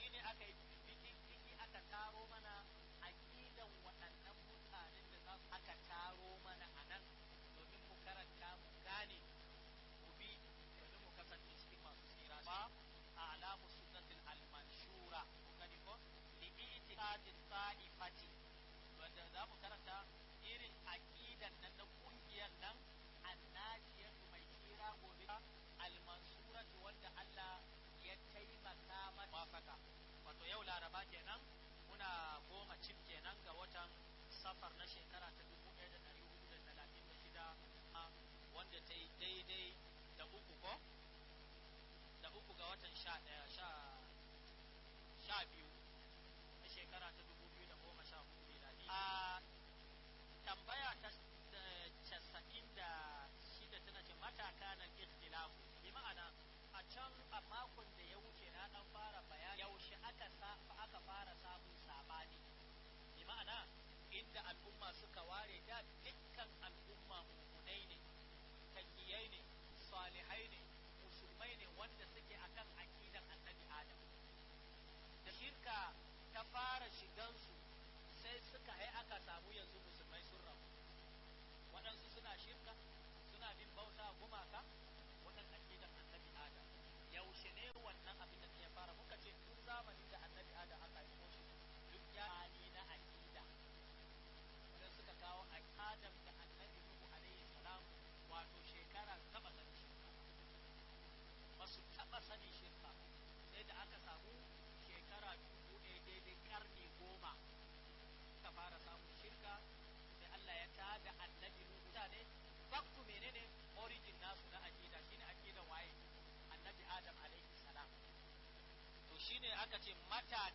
shine aka yi bikin ciki aka taro mana aqidan waɗannan mutanen da za aka taro mana a nan domin mu karanta mu gane mu bi domin mu kasance cikin masu tsira ba a'lamu sunnatil al-manshura kun gani ko li itiqadin ta'ifati wanda za mu karanta kenan muna goma cif kenan ga watan safar na shekara ta shida wanda ta yi daidai da uku ko da uku ga watan sha ɗaya sha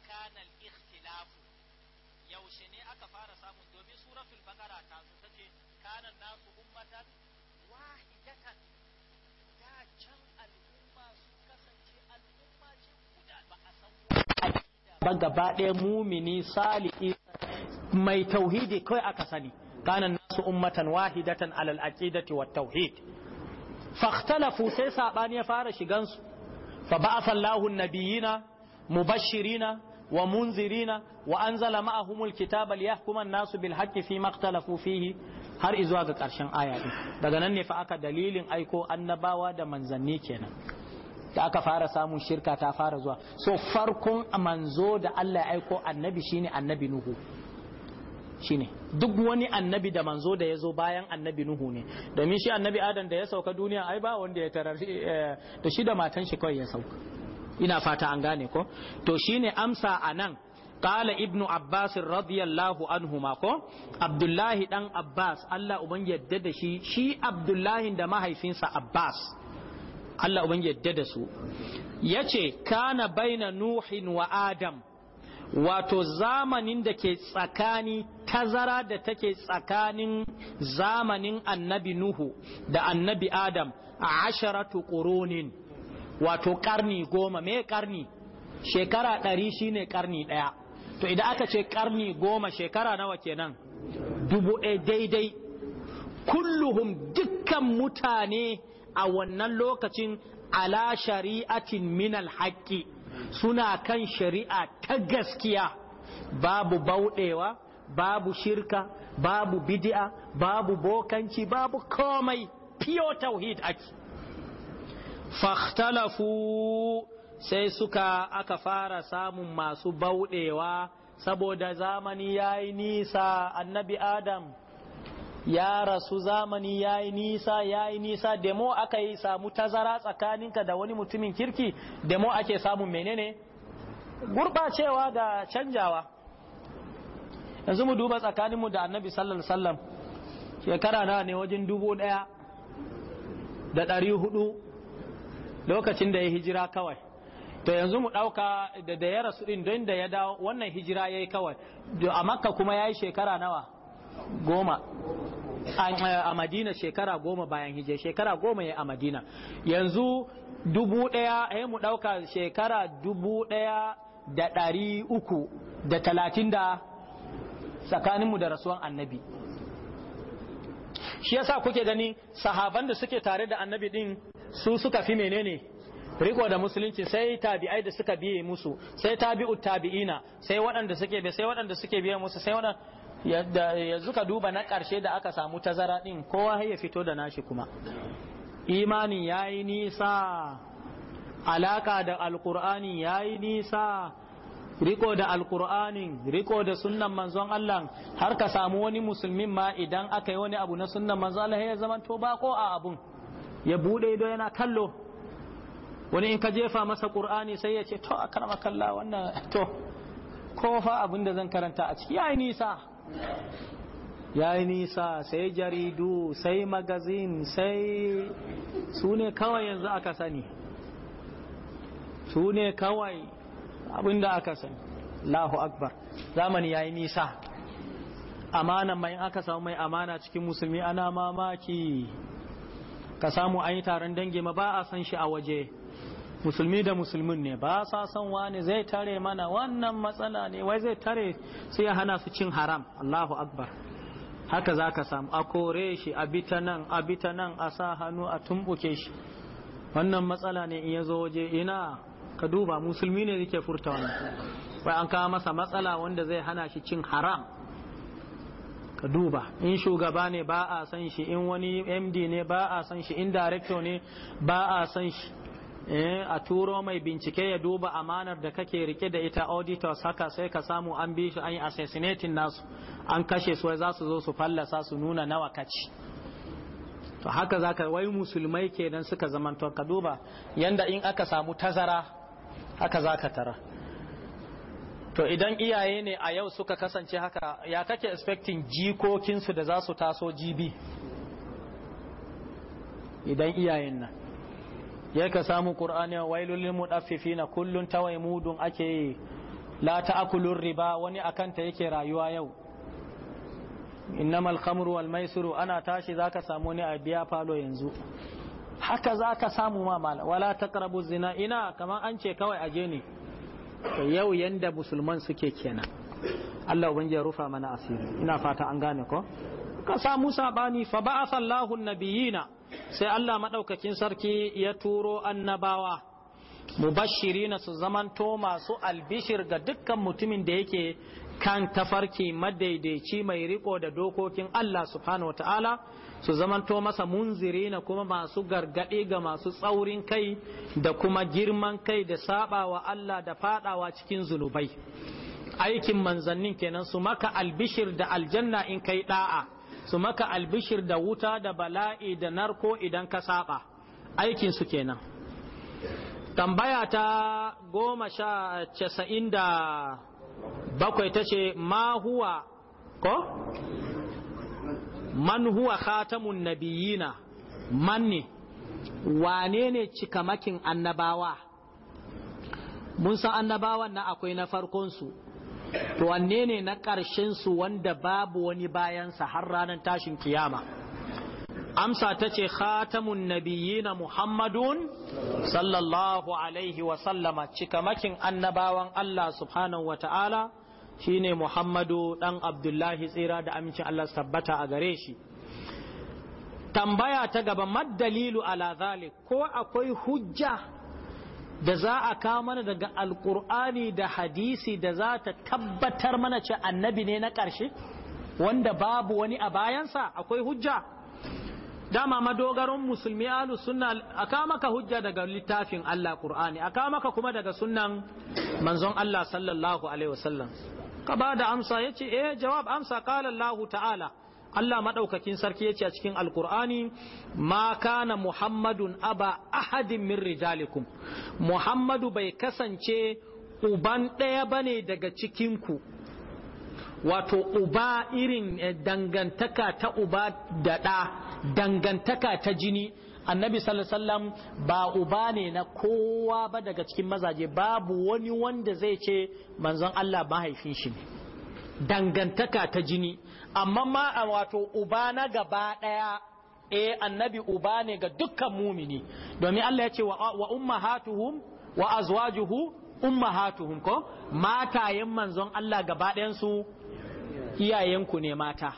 kana al yaushe ne aka fara samun domin suratul baqara ta zo tace kana nasu ummatan wahidatan ya can al'umma su kasance al'umma ce guda ba a san ba gaba ɗaya mumini salihi mai tauhidi kai aka sani kana nasu ummatan wahidatan alal aqidati wat tauhid fahtalafu sai sabani ya fara shigansu fa ba'atha Allahu an-nabiyina mubashirina wa munzirina wa anzala ma'ahumul kitaba liyahkuma an-nasu bil fi maktalafu har izuwa ga karshen aya daga nan ne fa aka dalilin aiko annabawa da manzanni kenan da aka fara samun shirka ta fara zuwa so farkon manzo da Allah ya aiko annabi shine annabi nuhu shine duk wani annabi da manzo da ya zo bayan annabi nuhu ne domin shi annabi adam da ya sauka duniya ai ba wanda ya tarar eh, da shi da matan shi kawai ya sauka ina fata an gane ko to shine amsa a nan ƙala Ibnu رضي الله anhu ko Abdullahi dan Abbas Allah uban yadda da shi shi Abdullahi da mahaifinsa Abbas Allah uban yadda da su yace kana baina nuhin wa adam wato zamanin da ke tsakani kazara da take tsakanin zamanin annabi nuhu da annabi adam a asharatu qurunin wato karni goma me karni shekara ɗari shine karni ɗaya to idan aka ce karni goma shekara nawa kenan dubu e daidai kulluhum dukkan mutane a wannan lokacin ala shari'atin minal haƙƙi suna kan shari'a ta gaskiya babu bauɗewa babu shirka babu bidi'a babu bokanci babu komai fiyo tauhid ake fahtalafu sai suka aka fara samun masu bauɗewa saboda zamani ya yi nisa annabi adam ya rasu zamani ya yi nisa ya yi nisa demo aka yi samu tazara tsakaninka da wani mutumin kirki demo ake samun menene gurɓacewa da canjawa yanzu mu duba tsakaninmu da annabi sallallahu alaihi shekara na ne wajen dubu ɗaya da ɗari hudu lokacin da ya hijira kawai to yanzu mu ɗauka da ya rasu din don da ya dawo wannan hijira ya yi kawai a makka kuma ya yi shekara nawa goma a madina shekara goma bayan hijira shekara goma ya a madina yanzu dubu daya ya eh, mu ɗauka shekara dubu daya da dari uku da talatin da tsakaninmu da rasuwan annabi shi yasa kuke gani sahaban da suke tare da annabi din. su suka fi menene riko da musulunci sai tabi'ai da suka biye musu sai tabi'u tabi'ina sai waɗanda suke bi sai waɗanda suke biye musu sai waɗanda yanzu ka duba na ƙarshe da aka samu tazara ɗin kowa ya fito da nashi kuma imanin ya yi nisa alaka da alkur'ani ya yi nisa riko da alkur'anin riko da sunnan manzon Allah har ka samu wani musulmin ma idan aka yi wani abu na sunnan manzon Allah ya zama to ba ko a abun ya bude ido yana kallo wani in ka jefa masa qur'ani sai ya ce to a karama kalla wannan to ko fa abin da zan karanta a ciki yayi nisa yayi nisa sai jaridu sai magazin sai su ne kawai yanzu aka sani su ne kawai abin da aka sani Allahu akbar zamani yayi nisa amana mai aka samu mai amana cikin musulmi ana mamaki ka samu an yi taron dangi ma ba a san shi a waje musulmi da musulmin ne ba sa san wani zai tare mana wannan matsala ne wai zai tare su ya hana su cin haram Allahu akbar haka za ka samu a kore shi a bita nan a bita nan a sa hannu a tumbuke shi wannan matsala ne in ya zo waje ina ka duba musulmi ne yake furta wannan wai an kawo masa matsala wanda zai hana shi cin haram ka duba in shugaba ne ba a san shi in wani md ne ba a san shi in director ne ba a san shi eh, a turo mai bincike ya duba amanar da kake rike da ita auditors haka sai ka samu an bi shi an yi assassinating nasu an kashe su za su zo su fallasa su nuna nawa kaci to haka zaka wai musulmai kenan suka zamanto ka duba yanda in aka samu tazara haka zaka tara to idan iyaye ne a yau suka kasance haka ya kake expecting jikokinsu da za su taso jibi idan iyayen nan ya ka samu ƙur'ani wailulil mudaffifi na kullun tawai mudun ake yi la ta'kulur riba wani akanta yake rayuwa yau innamal khamru wal maisiru ana tashi zaka samu ne a biya falo yanzu haka zaka samu ma mala wala taqrabu zina ina kamar an ce kawai aje ne yau yanda musulman suke kenan Allah ban ya rufa mana asiri ina fata an gane ko ka Musa bani fa ba'atha Allahu nabiyina sai Allah madaukakin sarki ya turo annabawa mubashirina su zamanto masu albishir ga dukkan mutumin da yake kan tafarki madaidaici mai riko da dokokin Allah subhanahu wataala su zamanto masa munziri na kuma masu gargaɗi ga masu tsaurin kai da kuma girman kai da sabawa Allah da fadawa cikin zunubai aikin manzannin kenan su maka albishir da aljanna in kai da'a su maka albishir da wuta da bala'i da narko idan ka saɓa. aikin su kenan tambaya ta goma sha casa'in da bakwai ta ce ma huwa ko man huwa khatamun nabiyina man ne wane ne cikamakin annabawa mun san annabawan na akwai na farkonsu to wanne ne na ƙarshensu wanda babu wani bayansa har ranar tashin kiyama amsa ta ce khatamun nabiyina muhammadun sallallahu alaihi sallama cikamakin annabawan Allah subhanahu wa ta'ala shine muhammadu dan abdullahi tsira da amincin Allah tabbata a gare shi tambaya ta gaba maddalilu ala zalik ko akwai hujja da za a kawo mana daga alkur'ani da hadisi da za ta tabbatar mana ce annabi ne na ƙarshe wanda babu wani a bayansa akwai hujja dama madogaron musulmi alu sunna aka maka hujja daga littafin Allah Qur'ani aka maka kuma daga sunnan manzon Allah sallallahu alaihi wasallam ka ba da amsa yace eh jawab amsa qala Allah ta'ala Allah madaukakin sarki yace a cikin alqur'ani ma kana muhammadun aba ahadin min rijalikum muhammadu bai kasance uban daya bane daga cikinku ku wato uba irin eh, dangantaka ta uba da ɗa dangantaka ta jini annabi sallallahu ba uba ne na kowa ba daga cikin mazaje babu wani wanda zai ce manzon Allah mahaifin shi ne dangantaka ta jini amma ma a wato uba na gaba ɗaya eh annabi uba ne ga dukkan mumini domin Allah ya ce wa ummahatuhum wa azwajuhu ummahatuhum ko matayen manzon Allah gaba su iyayenku ne mata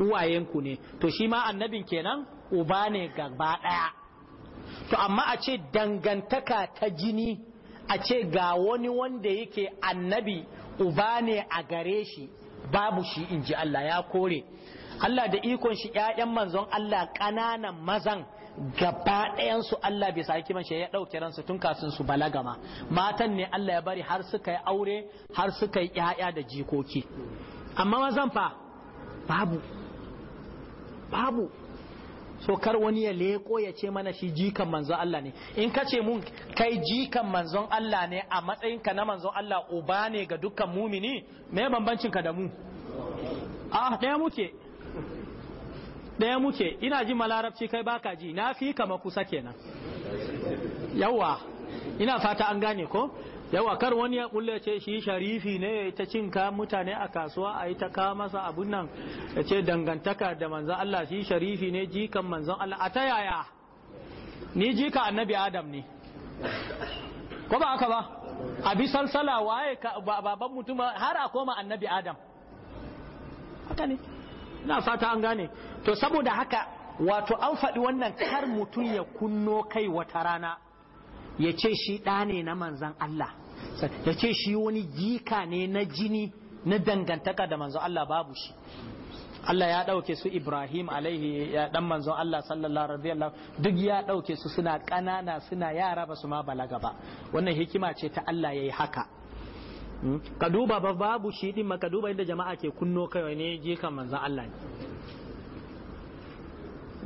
uwayenku ne to shi ma annabin kenan uba ne gaba daya to amma a ce dangantaka ta jini a ce ga wani wanda yake annabi uba ne a gare shi babu shi in ji Allah ya kore Allah da ikon shi ‘ya'yan manzon Allah ƙananan mazan gaba su Allah bai saki man ya ɗauke ransu tun kafin su balaga ma matan ne Allah ya bari har suka yi aure har suka yi ƴaƴa da jikoki amma zan fa babu babu so kar wani ya leko ya ce mana shi jikan manzon Allah ne in ka ce mun kai jikan manzon Allah ne a matsayin ka na manzon Allah uba ne ga dukkan mumini me bambancin ka da mu ah daya muke daya muke ina ji malarabci kai baka ji na fi kama kusa kenan yawa ina fata an gane ko yawa kar wani ya kulle ce shi sharifi ne ya yi ta cin ka mutane a kasuwa a yi ta kawo masa abun nan ya ce dangantaka da manzan Allah shi sharifi ne jikan manzan Allah a ta yaya ni jika annabi adam ne ko ba haka ba a bi salsala waye baban mutum har a koma annabi adam haka ne ina fata an gane to saboda haka wato an faɗi wannan kar mutum ya kunno kai wata rana ya ce shi ɗa ne na manzan Allah ya ce shi wani jika ne na jini na dangantaka da manzon Allah babu shi Allah ya ɗauke su Ibrahim alaihi ya ɗan manzon Allah sallallahu alaihi radiyallahu duk ya ɗauke su suna ƙanana suna yara ba su ma balaga ba wannan hikima ce ta Allah ya yi haka hmm? ka duba ba babu shi din ka duba inda jama'a ke kunno kai ne jikan manzon Allah ne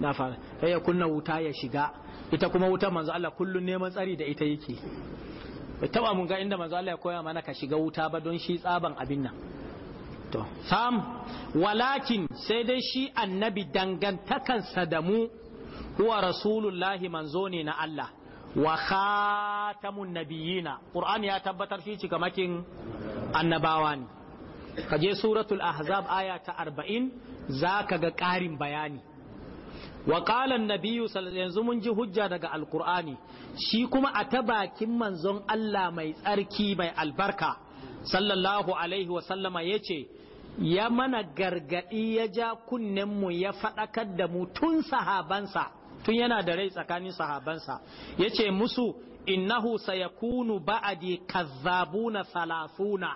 na fara sai ya kunna wuta ya shiga ita kuma wuta manzo Allah kullun neman tsari da ita yake bai taba mun ga inda manzo Allah ya koya mana ka shiga wuta ba don shi tsaban abin nan to sam walakin sai dai shi annabi dangantakansa da mu huwa rasulullahi manzo ne na Allah wa khatamun nabiyina qur'ani ya tabbatar shi cikamakin annabawa ne kaje suratul ahzab aya ta 40 zaka ga ƙarin bayani wa qalan nabiyyu yanzu mun ji hujja daga alqur'ani shi kuma a ta bakin manzon Allah mai tsarki mai albarka sallallahu alaihi wa sallama yace ya mana gargadi ya ja kunnen mu ya fadakar da mu tun sahabansa tun yana da rai tsakanin sahabansa yace musu innahu sayakunu ba'di kazzabuna salasuna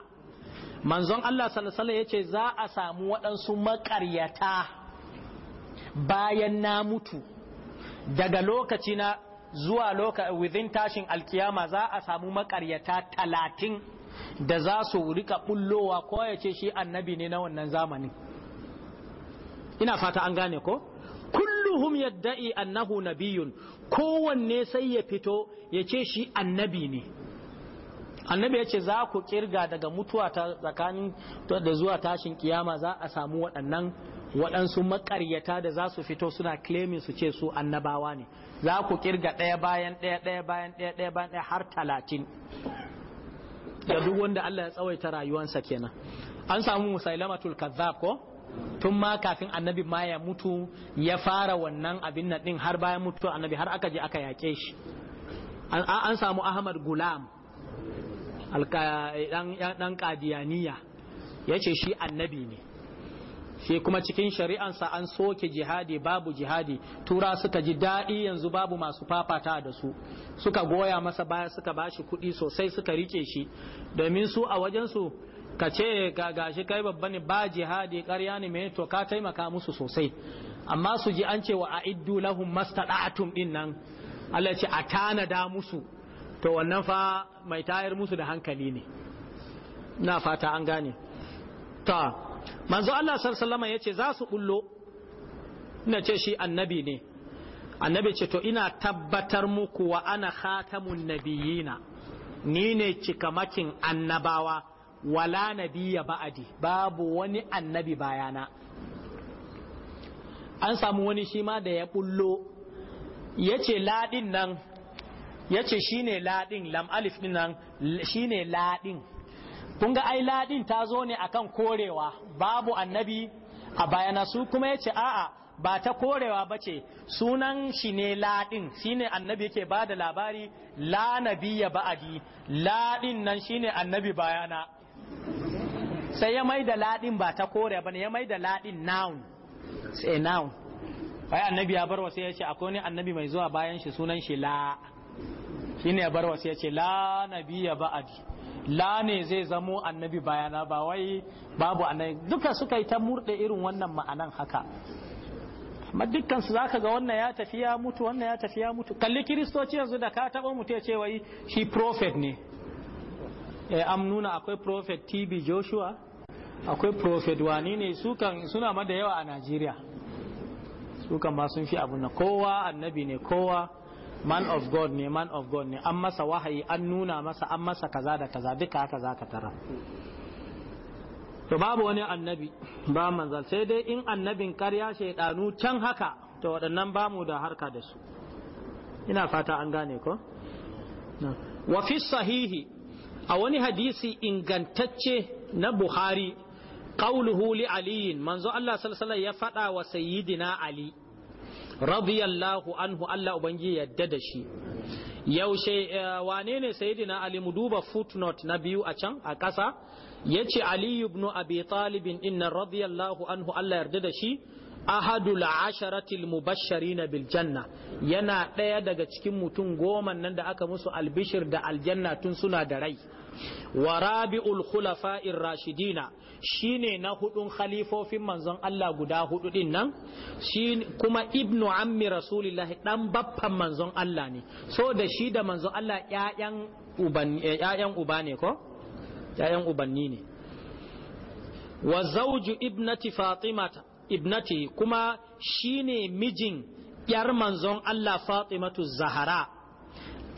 manzon Allah sallallahu alaihi yace za a samu waɗansu maƙaryata bayan na mutu daga lokaci na zuwa loka within tashin alkiyama za a samu makaryata talatin da za su rika bullowa ko ya ce shi annabi ne na wannan zamanin ina fata an gane ko kulluhum yadda'i annahu nabiyun kowanne sai ya fito ya ce shi annabi ne annabi ya ce za ku kirga daga mutuwa ta tsakanin da zuwa tashin kiyama za a samu waɗannan waɗansu makaryata da za su fito suna claiming su ce su annabawa ne za ku kirga ɗaya bayan ɗaya ɗaya bayan ɗaya ɗaya bayan ɗaya har talatin da duk wanda Allah ya tsawaita rayuwansa kenan an samu musailamatul kazzab ko tun ma kafin annabi ma ya mutu ya fara wannan abin nan din har bayan mutuwa annabi har aka je aka yake shi an samu ahmad gulam dan kadiyaniya ya ce shi annabi ne shi kuma cikin shari'ansa an soke jihadi babu jihadi tura suka ji daɗi yanzu babu masu fafata da su suka goya masa baya suka bashi kuɗi sosai suka rike shi domin su a wajensu ka ce gashi kai babba ne ba jihadi ƙarya ne mai to ka taimaka musu sosai amma su ji an cewa a iddu lahum mastada'atum din nan Allah ce a tanada musu to wannan fa mai tayar musu da hankali ne na fata an gane ta manzo Allah sallallahu alaihi za su bullo ina ce shi annabi ne annabi ce to ina tabbatar muku wa ana khatamun nabiyina ni ne cikamakin annabawa wala nabiyya ba'adi babu wani annabi bayana an samu wani shi ma da ya bullo Yace laɗin ladin nan ya ce shi ne laɗin lam alif ɗin nan shi ne laɗin kun ga ai laɗin ta zo ne a kan korewa babu annabi a bayana su kuma ya ce a'a ba ta korewa ba ce sunan shi ne laɗin shi ne annabi yake ba da labari la ya ba'adi laɗin nan shi ne annabi bayana sai ya mai da laɗin ba ta korewa ba ne ya mai da laɗin noun sai noun ai annabi ya bar wasu ya ce akwai ne annabi mai zuwa bayan shi sunan shi la' shi ya bar wasu ya ce la nabiya ba'adi la ne zai zamo annabi bayana ba wai babu annabi duka suka yi ta murɗe irin wannan ma'anan haka amma dukkan su ka ga wannan ya tafi ya mutu wannan ya tafi ya mutu kalli kiristoci yanzu da ka taɓa mutu ya ce wai shi prophet ne eh am nuna akwai prophet TB Joshua akwai prophet wani ne suna ma da yawa a Najeriya sukan ma sun fi abun kowa annabi ne kowa man of god ne man of god ne an masa wahayi an nuna masa an masa kaza da kaza duka haka za ka tara to babu wani annabi ba manzal sai dai in annabin karya shaidanu can haka to waɗannan ba mu da harka da su ina fata an gane ko wa fi sahihi a wani hadisi ingantacce na buhari qauluhu li aliyin manzo Allah sallallahu ya faɗa wa sayyidina ali radiyallahu anhu Allah ubangi yadda da shi yaushe eh, wane ne Ali mu duba footnote na biyu a can a ƙasa yace Ali ibn Abi Talib inna radiyallahu anhu Allah yarda da shi ahadul asharatil mubashsharina bil janna yana ɗaya daga cikin mutum goma nan da aka musu albishir da aljanna tun suna da rai wa rabi'ul khulafa'ir rashidina shine na hudun khalifofin manzon Allah guda hudu din nan shi kuma ibnu ammi rasulillahi dan baffan manzon Allah ne so da shi da manzon Allah ƴaƴan uban ƴaƴan uba ne ko ƴaƴan ubanni ne wa zawju ibnati fatimata ibnati kuma shine mijin yar manzon Allah fatimatu zahara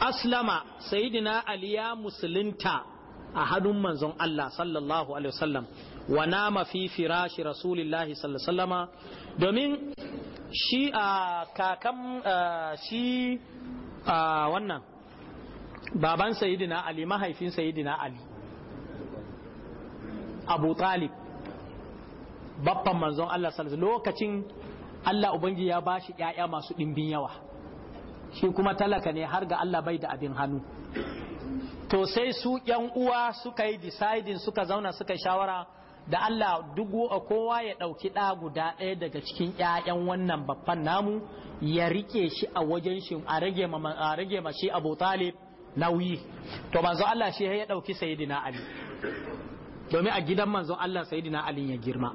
aslama sayyidina ali ya musulunta a hannun manzon Allah sallallahu alaihi wasallam wa nama fi firashi rasulillahi sallallahu alaihi wasallama domin shi a kakan shi a wannan baban sayyidina ali mahaifin sayyidina ali abu talib babban manzon Allah sallallahu lokacin Allah ubangi ya bashi ƴaƴa masu ɗimbin yawa shi kuma talaka ne har ga Allah bai da abin hannu to sai su yan uwa suka yi deciding suka zauna suka shawara da Allah duk kowa ya ɗauki ɗa guda ɗaya daga cikin ƴaƴan wannan babban namu ya rike shi a wajen shi a rage ma shi abu talib nauyi to manzo Allah shi ya ɗauki sayidina Ali domin a gidan manzo Allah sayidina Ali ya girma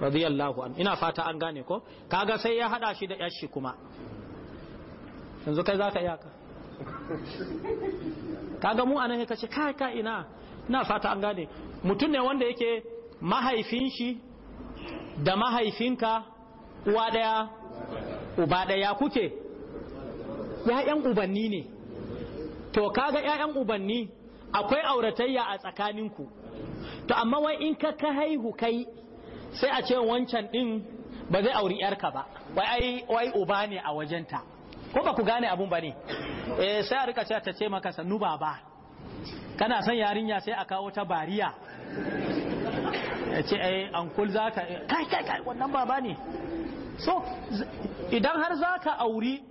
radiyallahu an ina fata an gane ko kaga sai ya hada shi da yashi kuma yanzu kai zaka iya ka kaga mu anan kai ka ina ina fata an gane mutum ne wanda yake mahaifin shi da mahaifinka uwa daya uba daya kuke ya'yan ubanni ne to kaga ya'yan ubanni akwai auratayya a tsakaninku to amma wai in ka ka haihu kai sai a ce wancan din ba zai auri yarka ba wai uba ne a wajenta ko ba ku gane abun ba ne eh sai a rika cewa ta ce maka sannu baba kana son yarinya sai a kawo ta bariya ya ce eh ankul zaka eh, kai kai kai wannan baba ne so idan har zaka auri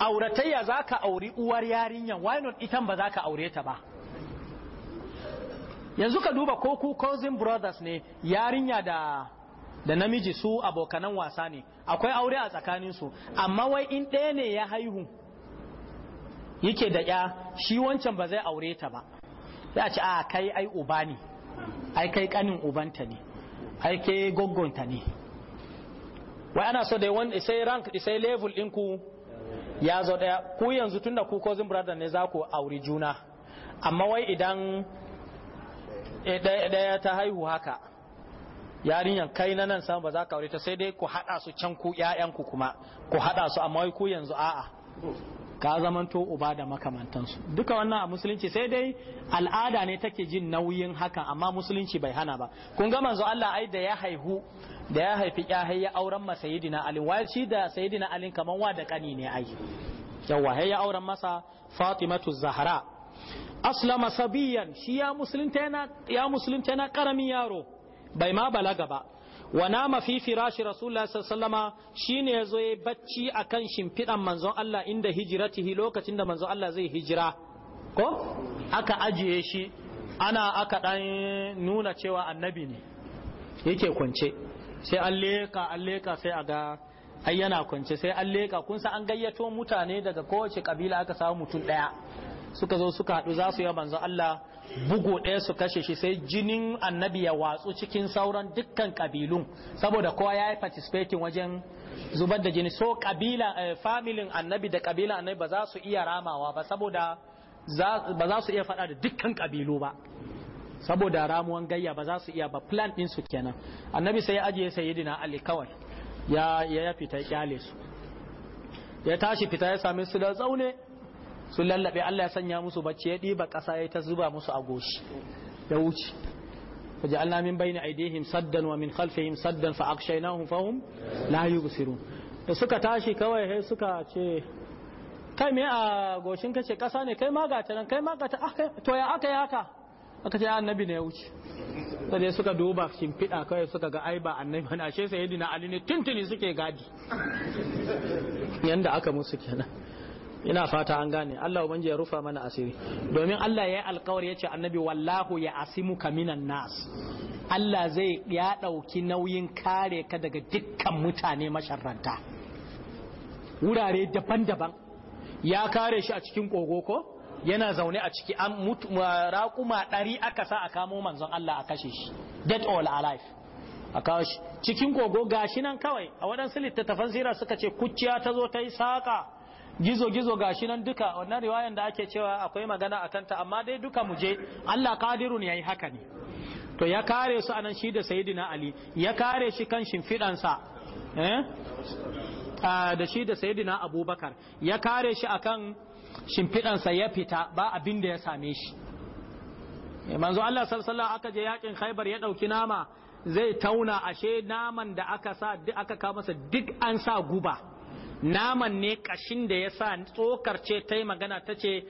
auratayya zaka auri uwar yarinyan why not itan ba zaka aure ta ba yanzu ka duba ko ku cousin brothers ne yarinya da da namiji su abokanan wasa ne akwai aure a tsakaninsu amma wai in ɗaya ne ya haihu yake da ya shi wancan ba zai aure ta ba ya ce a ah, kai ai uba ne ai kai kanin ubanta ne ai kai goggonta ne wai ana so da wani isai rank isai level ɗinku ya zo daya ku yanzu tunda ku cousin brother ne za ku auri juna amma wai idan eh, ɗaya ta haihu haka yarinyan kai na nan sama ba za ka aure ta sai dai ku hada su can ku ƴaƴanku kuma ku hada su amma ku yanzu a'a ka zamanto uba da makamantansu duka wannan a musulunci sai dai al'ada ne take jin nauyin hakan amma musulunci bai hana ba kun ga manzo Allah ai da ya haihu da ya haifi ya ya auren ma sayyidina Ali wai shi da sayyidina Ali kaman wa da kani ne ai yawa ya auren masa Fatimatu Zahra aslama sabiyan shi ya musulunta yana ya musulunta yana karamin yaro bai ma balaga ba wa nama fi firashi rasulullah sallama shine yazo yayi bacci akan shimfidan manzon Allah inda hijratihi lokacin da manzon Allah zai hijira ko aka ajiye shi ana aka dan nuna cewa annabi ne yake kwance sai an leka an leka sai a ga ai yana kwance sai an leka kun san an gayyato mutane daga kowace kabila aka samu mutum daya suka zo suka haɗu za su yi manzon Allah bugu ɗaya su kashe shi sai jinin annabi ya watsu cikin sauran dukkan kabilun saboda kowa ya yi participating wajen zubar da jini so kabila eh, familin annabi da kabila annabi ba za su iya ramawa ba saboda ba za su iya faɗa da dukkan kabilu ba saboda ramuwan gayya ba za su iya ba plan ɗin su kenan annabi sai ya ajiye sayyidina ali kawai ya ya fita kyale su ya tashi fita ya same su da zaune sun lallabe Allah ya sanya musu bacci ya ɗiba ƙasa ya ta zuba musu a goshi ya wuce فجعلنا من بين saddan. سدا ومن na سدا فأغشيناهم فهم لا يبصرون da suka tashi kawai sai suka ce kai me a goshin kace ƙasa ne kai ma ta nan kai ma ta? Ah, to ya aka ya aka aka ce annabi ne ya wuce sai dai suka duba shimfiɗa kawai suka ga ai ba annabi bane ashe sayyidina ali ne tuntuni suke gadi yanda aka musu kenan ina fata an gane Allah ubangiji ya rufa mana asiri domin Allah ya yi alkawari ya annabi wallahu ya asimuka minan nas Allah zai ya ɗauki nauyin kare ka daga dukkan mutane masharranta wurare daban-daban ya kare shi a cikin kogo ko yana zaune a ciki an raƙuma ɗari aka sa a kamo manzon Allah a kashe shi dead all alive a kawo shi cikin kogo gashi nan kawai a waɗansu littattafan zira suka ce kucciya ta zo ta yi saƙa gizo gizo gashi nan duka wannan riwayan da ake cewa akwai magana akan ta amma dai duka mu je Allah ya yayi haka ne to ya kare su anan shi da sayyidina ali ya kare shi kan shimfidansa eh ah, da shi da sayyidina abubakar ya kare shi akan shimfidansa ya fita ba abin da ya same shi eh, manzo Allah sallallahu aka je yakin Khaibar ya ɗauki nama zai tauna ashe naman da aka sa aka kawo masa duk an sa guba naman ne kashin da ya sa tsokar ce ta yi magana ta ce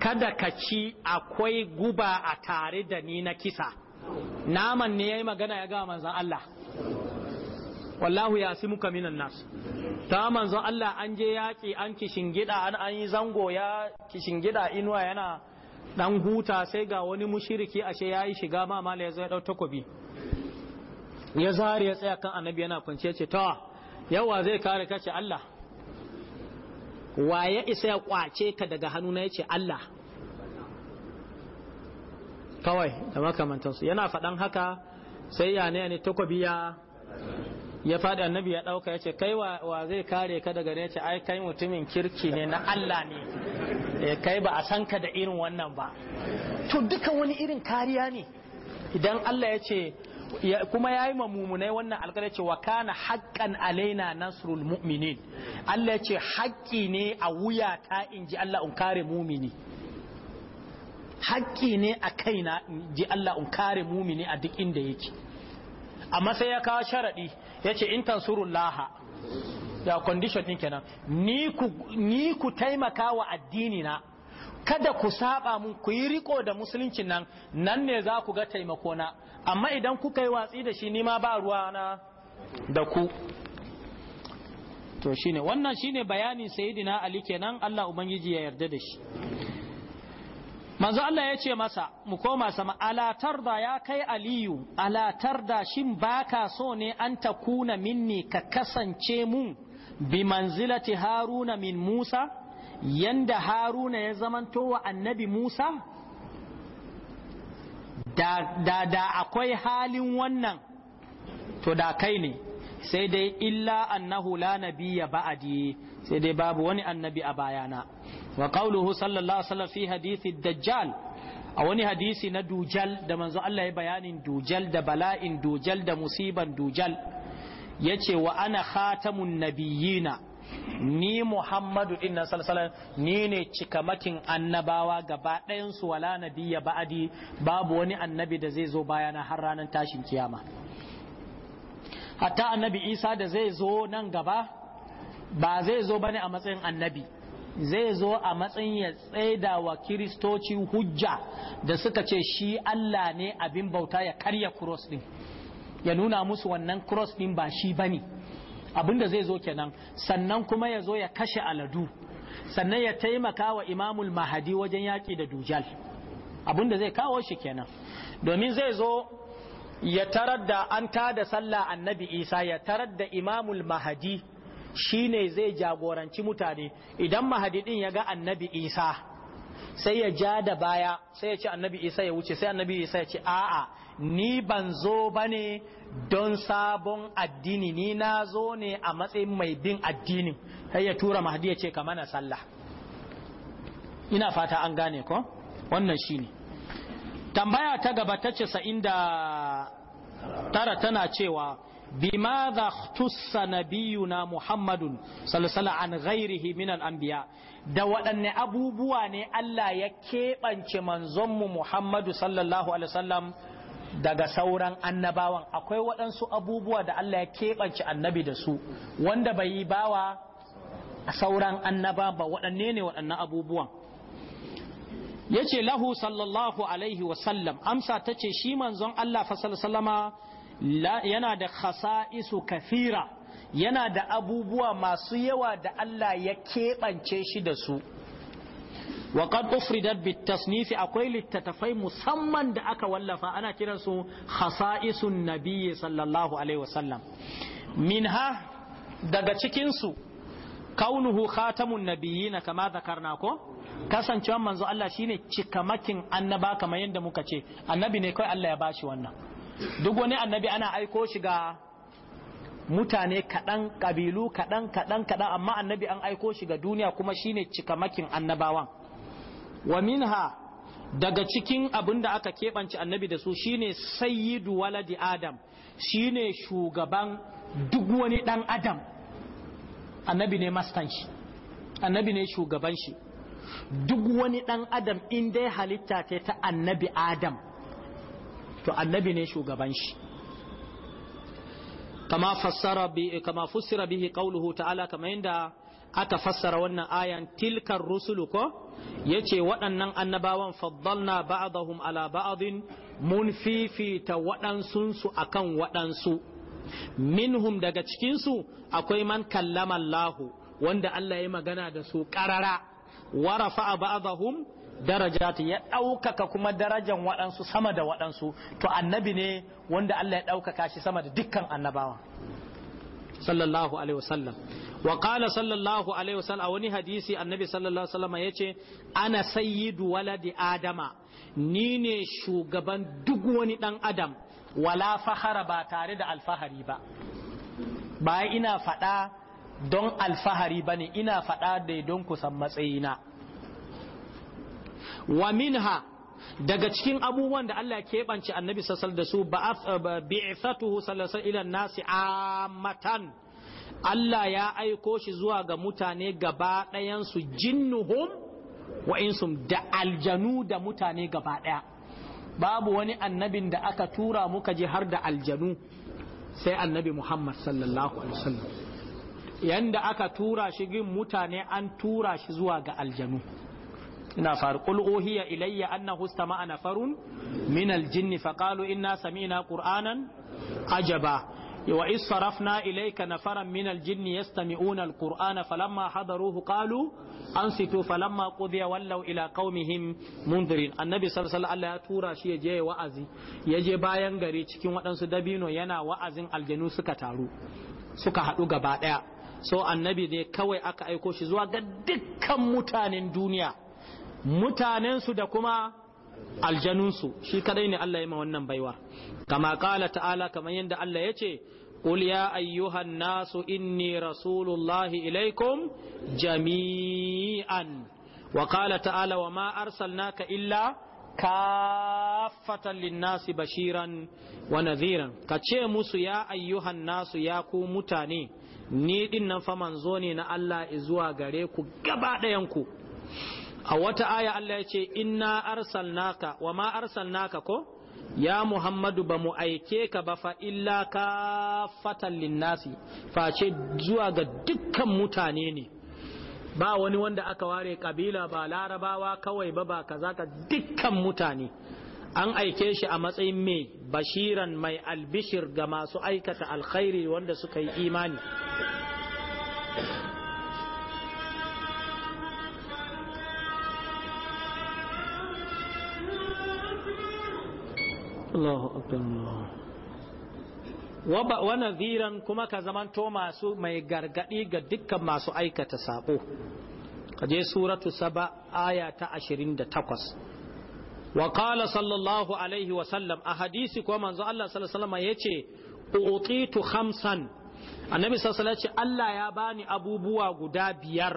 kada ka ci akwai guba a tare da ni na kisa naman ne ya yi magana ya ga manzan Allah wallahu ya si muka minan nasu ta manzan Allah an je yaƙi an kishingida an an yi zango ya gida inuwa yana dan huta sai ga wani mushiriki ashe ya yi shiga ma mala ya zai takobi ya zare ya tsaya kan annabi yana ya ce ta yawa zai kare kace Allah Wa ya isa ya kwace ka daga hannuna yace Allah kawai da makamantansu yana faɗan haka sai ya ne takobi ya ya faɗi annabi ya ɗauka ya ce kai wa zai kare ka daga ne ce ai kai mutumin kirki ne na Allah ne eh, kai ba a san ka da irin wannan ba to duka wani irin kariya ne idan Allah ya ce kuma yayi mamumunai wannan alƙalai cewa kana haqqan alaina nasrul mu'minin Allah ya ce haƙƙi ne a wuya ta inji Allah in kare mumini haƙƙi ne a kaina inji Allah in kare mumini a duk inda yake amma sai ya kawo sharadi yace in Laha. ya condition din kenan ni ku ni ku taimaka wa addini na kada ku saba mun ku yi riko da musuluncin nan nan ne za ku ga taimako na amma idan kuka yi watsi da shi ni ba ruwa na da ku to shine wannan shine bayanin sayyidina ali kenan Allah ubangiji ya yarda da shi manzo Allah ya ce masa mu koma sama ala tarda ya kai aliyu ala tarda shin baka so ne an takuna minni ka kasance mun bi manzilati haruna min musa yanda haruna ya zamanto wa annabi musa da da akwai halin wannan to da kai ne sai dai illa annahu la ya ba'adi sai dai babu wani annabi a bayana wa qawluhu sallallahu alaihi fi hadithi dajjal a wani hadisi na dujal da manzo Allah ya bayanin dujal da bala'in dujal da musiban dujal yace wa ana khatamun nabiyina ni Muhammadu din nan ni ne cikamakin annabawa gaba ɗayan su wala nabiya ba'adi babu wani annabi da zai zo baya na har ranar tashin kiyama hatta annabi Isa da zai zo nan gaba ba zai zo bane a matsayin annabi zai zo a matsayin ya tsaida wa kiristoci hujja da suka ce shi Allah ne abin bauta ya karya cross din ya nuna musu wannan cross din ba shi bane abinda zai zo kenan sannan kuma ya zo ya kashe aladu sannan ya taimaka wa imamul mahadi wajen yaƙi da dujal abinda zai kawo shi kenan domin zai zo ya tarar da an tada sallah annabi isa ya tarar da imamul mahadi shi ne zai jagoranci mutane idan mahadi din ya ga annabi isa sai ya ja da baya sai ya ce annabi isa ya wuce sai annabi isa ya ce a'a ni ban zo ba ne don sabon addini ni na zo ne a matsayin mai bin addinin sai ya tura mahdi ya ce ka mana sallah ina fata an gane ko wannan shi ne. tambaya ta gaba ta ce sa'in da tara tana cewa بماذا اختص نبينا محمد صلى الله عليه وسلم عن غيره من الأنبياء da waɗanne abubuwa ne Allah ya keɓance manzonmu Muhammadu sallallahu Alaihi wasallam daga sauran annabawan akwai waɗansu abubuwa da Allah ya keɓance annabi da su wanda bai yi bawa sauran annaba ba waɗanne ne waɗannan abubuwan ya ce lahu sallallahu alaihi wasallam amsa ta ce shi manzon Allah Salama yana da khasa'isu kafira yana da abubuwa masu yawa da Allah ya keɓance shi da su wa qad ufridat bit tasnifi akwai littattafai musamman da aka wallafa ana kiransu hasaisun nabiyyi sallallahu alaihi minha daga cikin su kaunuhu khatamun nabiyina kama zakarna ko kasancewa manzo Allah shine cikamakin annaba kamar yadda muka ce annabi ne kawai Allah ya bashi wannan duk wani annabi ana aiko shi ga mutane kaɗan ƙabilu kaɗan kaɗan kaɗan amma annabi an aiko shi ga duniya kuma shine cikamakin annabawan wa minha daga cikin abin da aka keɓance annabi da su shine sayyidu waladi adam shine shugaban duk wani ɗan adam annabi ne mastan shi annabi ne shugaban shi duk wani ɗan adam in dai halitta ta ta annabi adam to annabi ne shugaban shi kama fassara bi kama fussira bihi qawluhu ta'ala kama yanda aka fassara wannan ayan tilkar rusulu ko yace waɗannan annabawan faddalna ba'dahum ala ba'din mun fifita waɗansunsu akan waɗansu minhum daga cikinsu akwai man kallama Allahu wanda Allah ya magana da su ƙarara wa rafa'a ba'dahum darajati ya ɗaukaka kuma darajan waɗansu sama da waɗansu to annabi ne wanda Allah ya ɗaukaka shi sama da dukkan annabawa sallallahu alaihi wasallam wa qala sallallahu alaihi wasallam a wani hadisi annabi sallallahu alaihi wasallam yace ana sayyidu waladi adama ni ne shugaban duk wani dan adam wala fahara ba tare da alfahari ba ba ina fada don alfahari bane ina faɗa dai don kusan matsayina wa minha daga cikin abubuwan da Allah ya keɓance annabi sassal da su eh, bi'ithatuhu sallallahu ila nasi amatan Allah ya aiko shi zuwa ga mutane gaba su jinnuhum wa insum da aljanu da mutane gaba ɗaya babu wani annabin da aka tura muka ji har da aljanu sai annabi Muhammad sallallahu alaihi wasallam yanda aka tura shi gin mutane an tura shi zuwa ga aljanu ina faru qul uhiya ilayya annahu istama'a nafarun min aljinni faqalu inna sami'na qur'anan ajaba wa is sarafna ilayka nafaran min aljinni yastami'una alqur'ana falamma hadaruhu qalu ansitu falamma qudiya wallaw ila qaumihim mundirin annabi sallallahu alaihi wasallam ya tura shi yaje wa'azi yaje bayan gari cikin waɗansu dabino yana wa'azin aljanu suka taru suka haɗu gaba ɗaya so annabi ne kawai aka aiko shi zuwa ga dukkan mutanen duniya mutanensu da kuma aljanunsu shi kadai ne Allah ya ma wannan baiwar kama kala ta'ala kamar yadda Allah ya ce قل يا أيها الناس إني رسول الله إليكم جميعا وقال تعالى وما أرسلناك إلا كافة للناس بشيرا ونذيرا كتشيموس يا أيها الناس يا ni din nan ne na Allah zuwa gaba ɗayanku a wata aya Allah ya ce inna arsalnaka wa ma arsalnaka ko ya Muhammadu ba mu aike ka ba fa illa ka fatan linnasi face zuwa ga dukkan mutane ne ba wani wanda aka ware kabila ba larabawa kawai ba ba kaza ka dukkan mutane an aike shi a matsayin mai bashiran mai albishir ga masu aikata alkhairi wanda suka yi imani Allahu akbar wa ziran kuma ka zamanto masu mai gargadi ga dukkan masu aikata sabo kaje suratu saba aya ta ashirin 28 wa qala sallallahu alaihi wa sallam a hadisi ko manzo Allah sallallahu alaihi ce. utitu khamsan annabi sallallahu alaihi ce Allah ya bani abubuwa guda biyar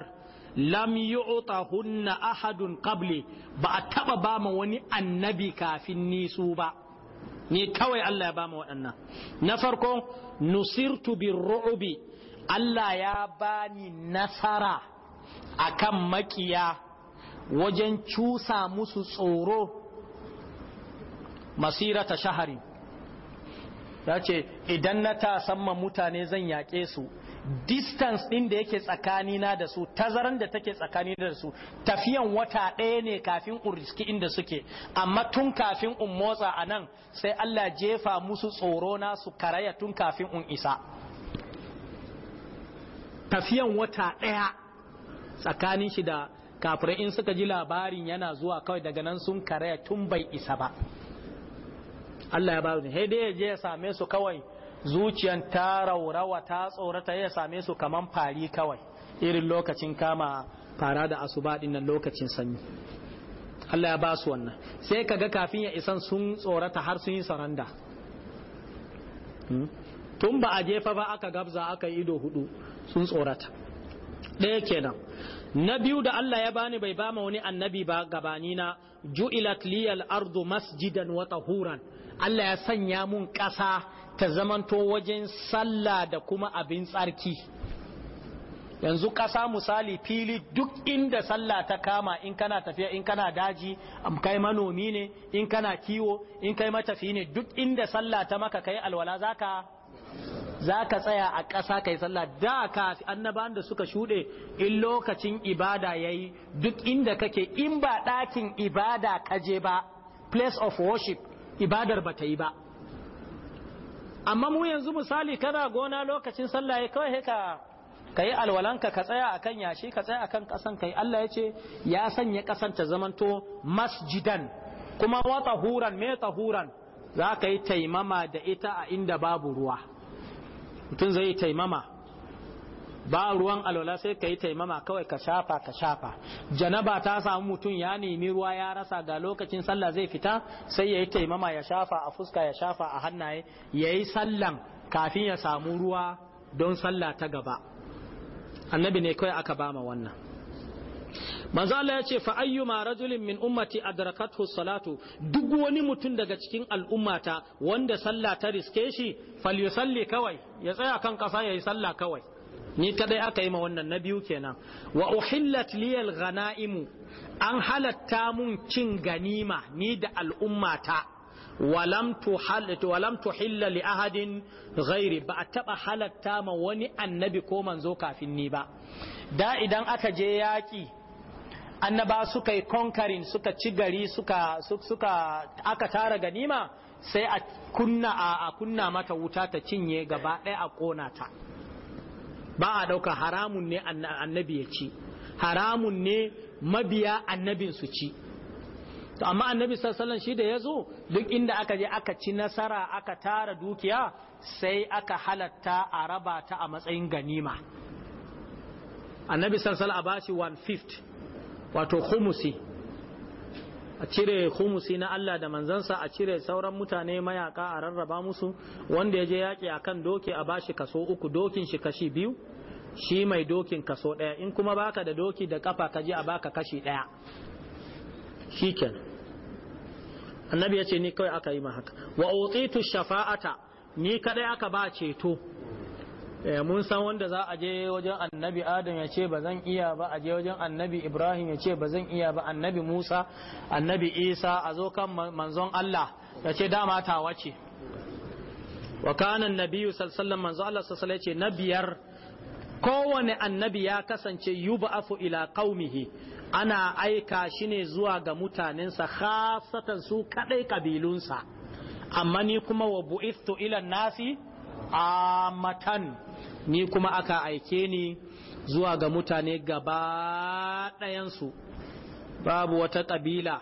lam yu'ta hunna ahadun qabli ba a taba ba ma wani annabi kafin nisu ba ni kawai Allah ya bamu waɗannan na farko nusirtu ru'ubi Allah ya bani nasara akan makiya wajen cusa musu tsoro masira ta shahari ya ce idan na tasamma mutane zan yaƙe su distance ɗin da yake tsakanina da su tazaran da take tsakani da su tafiyan wata ɗaya ne kafin in riski inda suke amma tun kafin in motsa a nan sai Allah jefa musu tsoro na su karaya tun kafin in isa tafiyan wata ɗaya tsakanin shi da kafirai in suka ji labarin yana zuwa kawai daga nan sun karaya tun bai isa ba Allah ya ba ni dai ya je ya same su kawai zuciyan ta raurawa ta tsorata ya same su kaman fari kawai irin lokacin kama fara da asuba din nan lokacin sanyi Allah ya ba su wannan sai kaga kafin ya isan sun tsorata har sun yi saranda hmm? tun ba a jefa ba aka gabza aka yi ido hudu sun tsorata ɗaya kenan na biyu da Allah ya bani bai ba ma wani annabi ba gabani na ju'ilat liyal ardu masjidan wa tahuran Allah ya sanya mun ƙasa ta zamanto wajen sallah da kuma abin tsarki yanzu ƙasa misali fili duk inda sallah ta kama in kana tafiya in kana daji kai manomi ne in kana kiwo in kai matafi ne duk inda sallah ta maka kai alwala zaka zaka tsaya a ƙasa kai sallah da kafi annaban da suka shuɗe in lokacin ibada yayi duk inda kake in ba dakin ibada kaje ba place of worship ibadar bata yi ba amma mu yanzu misali kana gona lokacin sallah ya kawai haka ka yi alwalanka ka tsaya akan yashi ka tsaya akan kasan kai Allah ya ce ya sanya kasan ta zamanto masjidan kuma wa tahuran me tahuran za ka yi taimama da ita a inda babu ruwa mutum zai taimama ba ruwan alola sai ka yi taimama kawai ka shafa ka shafa janaba ta samu mutum ya nemi ruwa ya rasa ga lokacin sallah zai fita sai ya yi taimama ya shafa a fuska ya shafa a hannaye ya yi sallan kafin ya samu ruwa don sallah ta gaba annabi ne kawai aka bama wannan manzo Allah ya ce fa ayyuma rajulin min ummati adrakathu salatu duk wani mutum daga cikin al'ummata wanda sallah ta riske shi falyusalli kawai ya tsaya kan kasa yayi sallah kawai ni kadai aka yi ma wannan na biyu kenan wa uhillat liyal ghanaimu an halatta mun cin ganima ni da al'ummata walam tuhallatu walam tuhilla li ahadin ghairi ba a taba halatta ma wani annabi ko manzo kafin ni ba da idan aka je yaki annaba suka yi conquering suka ci gari suka suka aka tara ganima sai a kunna a kunna mata wuta ta cinye gaba ɗaya a kona ta ba a ɗauka haramun ne annabi ya ci haramun ne mabiya annabin su ci to amma annabi sallallahu shi da ya zo duk inda aka je aka ci nasara aka tara dukiya sai aka halatta a raba ta a matsayin ganima annabi sallallahu a bashi one fifth wato khumusi a cire humusi na Allah da manzansa a cire sauran mutane mayaka a rarraba musu wanda ya je yaƙi a kan doki a bashi kaso uku dokin shi kashi biyu shi mai dokin kaso ɗaya in kuma baka da doki da kafa ka je a baka kashi ɗaya shi annabi ya ce ni kawai aka yi ma haka wa utitu shafa'ata ni kadai aka ba ceto Eh, mun san wanda za a je wajen annabi adam ya ce ba zan iya ba a je wajen annabi ibrahim ya ce ba zan iya ba annabi musa annabi isa a zo kan manzon allah ya ce dama ta wace wa kana nabiyyu sallallahu manzon allah sallallahu ce na biyar kowane annabi ya kasance yub'afu ila qaumihi ana aika shi ne zuwa ga mutanensa khasatan su kadai kabilunsa amma ni kuma wa bu'ithu ila nasi amatan ni kuma aka aike ni zuwa ga mutane gaba ɗayansu babu wata ƙabila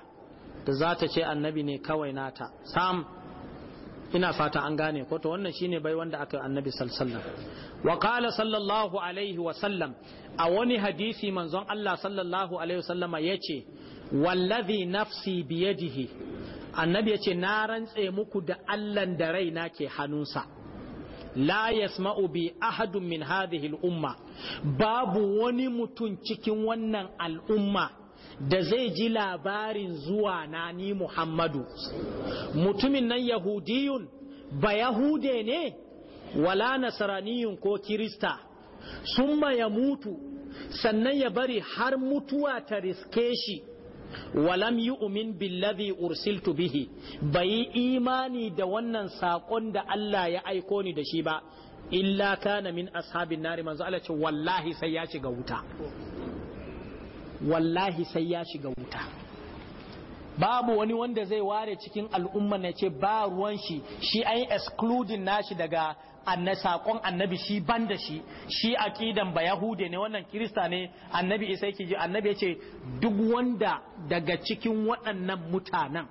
da za ta ce annabi ne kawai nata sam ina fata an gane ko to wannan shine bai wanda aka annabi sallallahu wa qala sallallahu alaihi wa sallam a wani hadisi manzon Allah sallallahu alaihi wa sallama yace wallazi nafsi biyadihi annabi yace na rantse muku da Allah da raina ke hannunsa la yasma'u bi ahadun min hadhihi al-umma babu wani mutum cikin wannan al'umma da zai ji labarin zuwa na ni Muhammadu mutumin nan yahudiyun ba yahude ne wala nasraniyun ko kirista ma ya mutu sannan ya bari har mutuwa ta riske shi walam yu'min billazi ursiltu bihi bai imani da wannan sakon da Allah ya aiko ni da shi ba illa kana min ashabin nari manzo Allah ce wallahi sai ya shiga wuta wallahi sai ya shiga wuta babu wani wanda zai ware cikin al'umma na ce ba ruwan shi shi an excluding nashi daga anna sakon annabi shi ban da shi shi aƙidan ba yahude ne wannan kirista ne annabi isa yake ji annabi yace duk wanda daga cikin waɗannan mutanen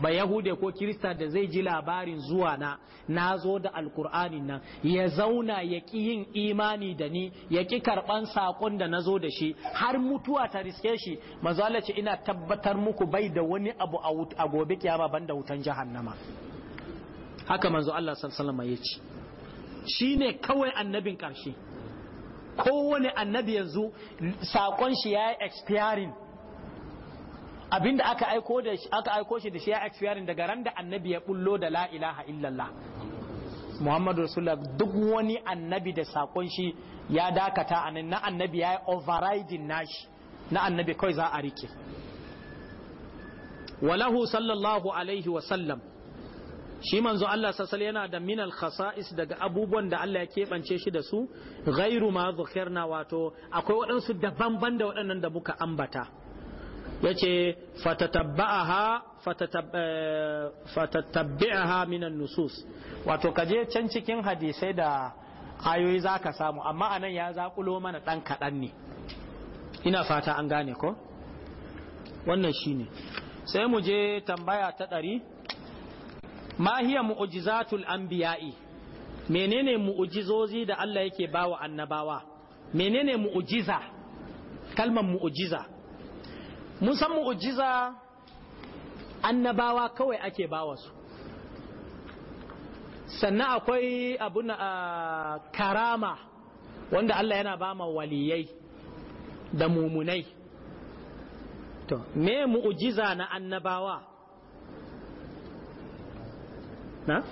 ba yahude ko kirista da zai ji labarin zuwa na na zo da alkur'anin nan ya zauna ya ƙi yin imani da ni ya ƙi karɓan saƙon da na zo da shi har mutuwa ta riske shi mazala ce ina tabbatar muku bai da wani abu a gobe kiyama banda wutan jahannama haka manzo Allah sallallahu alaihi wasallam ya ce shi ne kawai annabin ƙarshe kowane annabi yanzu saƙon shi ya yi expiring abinda aka aiko da aka aiko shi da shi ya expiring daga ran da annabi ya bullo da la ilaha illallah Muhammadu Rasulullah duk wani annabi da sakon shi ya dakata a na annabi ya yi overriding nashi na annabi kawai za a rike walahu sallallahu alaihi wa sallam. shi manzo Allah sasal yana da minal khasa'is daga abubuwan da Allah ya keɓance shi da su ghairu ma zukirna wato akwai waɗansu daban-ban da waɗannan da muka ambata yace fatatabba'aha eh, fatatabbi'aha minan nusus wato kaje can cikin hadisai da ayoyi zaka samu amma anan ya zakulo mana dan kaɗan ne ina fata an gane ko wannan shine sai mu je tambaya ta ɗari ma hiya mu'jizatul anbiya'i menene mu'jizozi da Allah yake bawa annabawa menene mu'jiza kalmar mu'jiza mun san mu'jiza annabawa kawai ake bawa su sannan akwai abu karama wanda Allah yana ba ma waliyai da mumunai to me mu'ujiza na annabawa نعم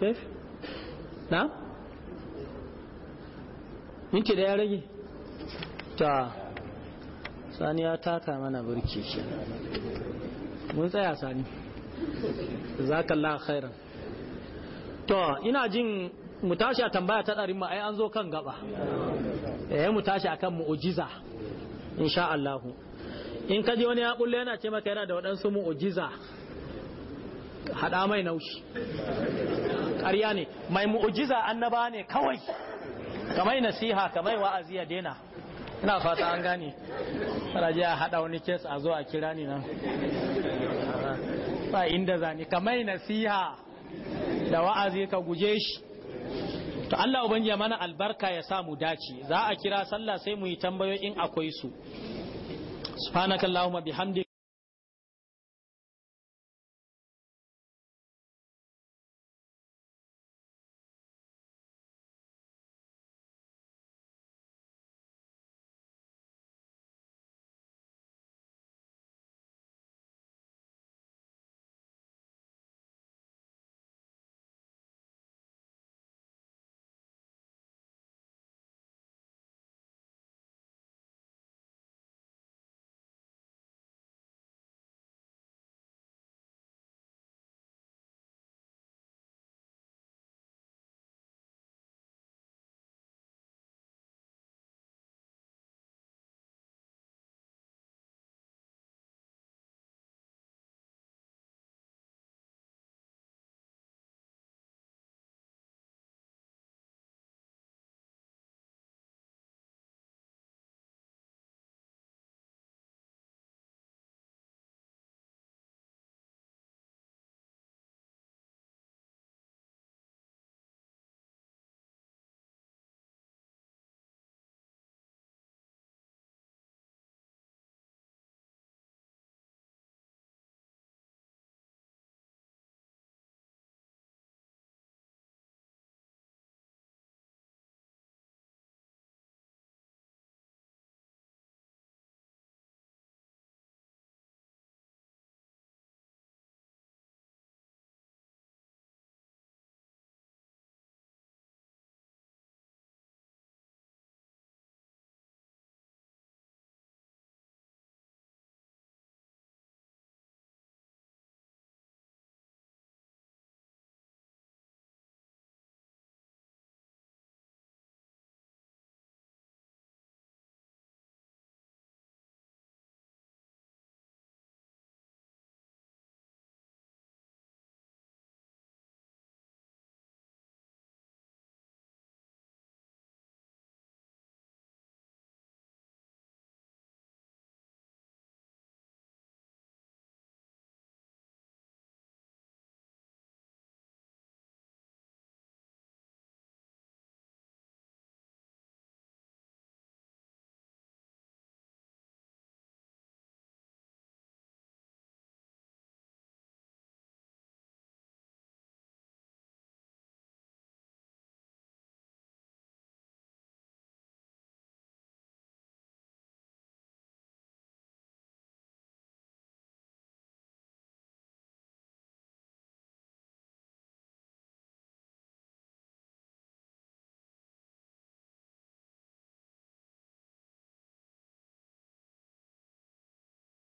كيف نعم minti da ya rage ta sani ya taka mana burki mun tsaya sani zakallah khairan to ina jin mu tashi a tambaya ta ɗarin ma ai an zo kan gaba eh mu tashi akan mu'jiza insha Allah in kaji wani ya bulle yana ce maka yana da waɗansu mu'jiza hada mai naushi ƙarya ne mai mu'ujiza annaba ne kawai kamai nasiha kamai wa'azi ya dena ina fata an gane raji a hada wani kes a zo a kira ni nan ba inda zani kamai nasiha da wa'azi ka guje shi to Allah ubangi ya mana albarka ya samu dace za a kira sallah sai mu yi tambayoyin akwai su subhanakallahumma bihamdika